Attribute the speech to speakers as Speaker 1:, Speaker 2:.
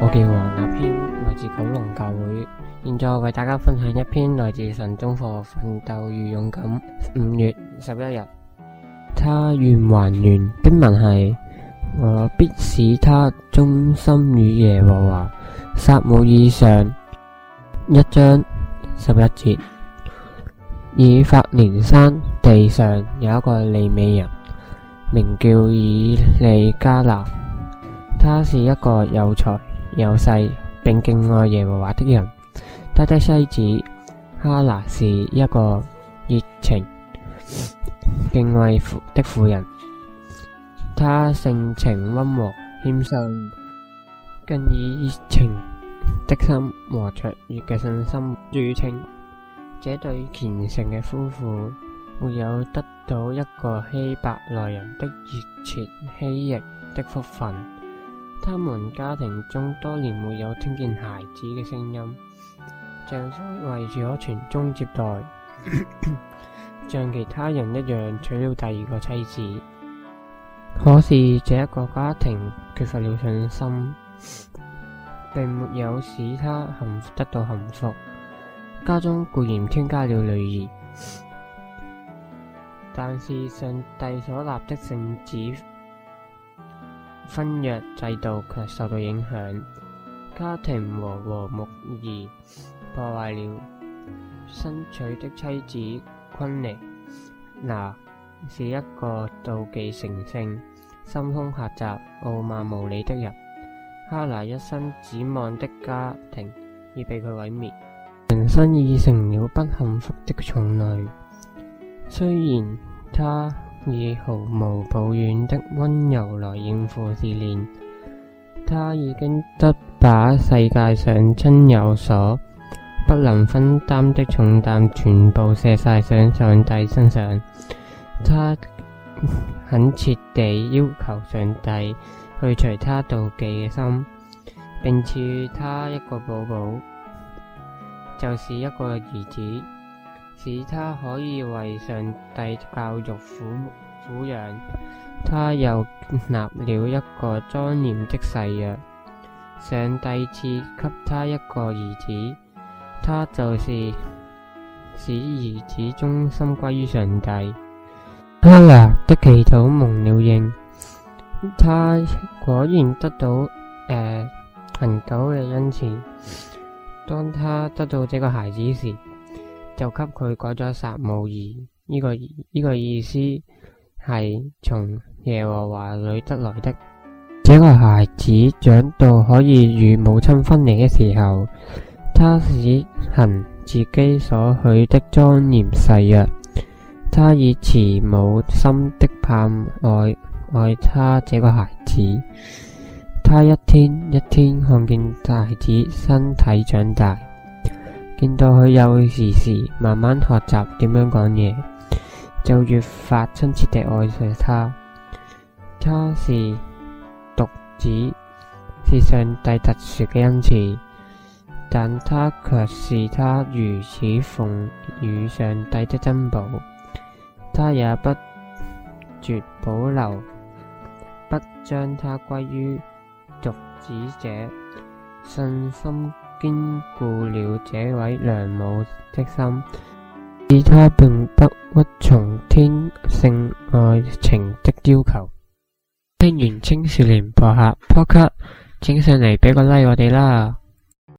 Speaker 1: 我叫黃亞軒，來自九龍教會。現在我為大家分享一篇來自神中課《奮鬥與勇敢》五月十一日。她許願還願經文係我必使他忠心與耶和華。撒母耳上一章十一節。以法蓮山地上有一個利美人，名叫以利加拿。他是一個有才。有勢並敬愛耶和華的人，他的妻子哈拿，是一個熱情敬畏的婦人，她性情溫和謙遜，更以熱情的心和卓越嘅信心著稱。這對虔誠嘅夫婦沒有得到一個希伯來人的熱切希冀的福分。他們家庭中多年沒有聽見孩子嘅聲音，丈夫為住可傳宗接代，像 其他人一樣娶了第二個妻子。可是，這一個家庭缺乏了信心，並沒有使他幸得到幸福。家中固然添加了女兒，但是上帝所立的聖旨。婚約制度卻受到影響，家庭和和睦而破壞了。新娶的妻子昆尼拿是一個妒忌成性、心胸狹窄、傲慢無理的人。哈拿一生指望的家庭已被佢毀滅，人生已成了不幸福的重累。雖然她。以毫無抱怨的溫柔來應付自憐，他已經得把世界上親友所不能分擔的重擔，全部卸晒上上帝身上。他懇切地要求上帝去除他妒忌嘅心，並賜他一個寶寶，就是一個兒子，使他可以為上帝教育父母。僕人，他又立了一個莊嚴的誓約，上帝賜給他一個兒子，他就是使兒子忠心歸於上帝。阿、哎、拉的祈禱蒙了應，他果然得到誒很久嘅恩賜。當他得到這個孩子時，就給佢改咗撒母耳，呢、這個呢、這個意思。係從耶和華裏得來的。這個孩子長到可以與母親分離嘅時候，他實行自己所許的莊嚴誓約。他以慈母心的盼愛愛他這個孩子。他一天一天看見孩子身體長大，見到佢幼時時慢慢學習點樣講嘢。就越發親切地愛上他。他是獨子，是上帝特殊嘅恩賜，但他卻是他如此奉與上帝的珍寶。他也不絕保留，不將他歸於獨子者。信心堅固了，這位良母的心。他並不屈從天性愛情的要求。聽完《青少年博客》播客，請上嚟畀個 like 我哋啦！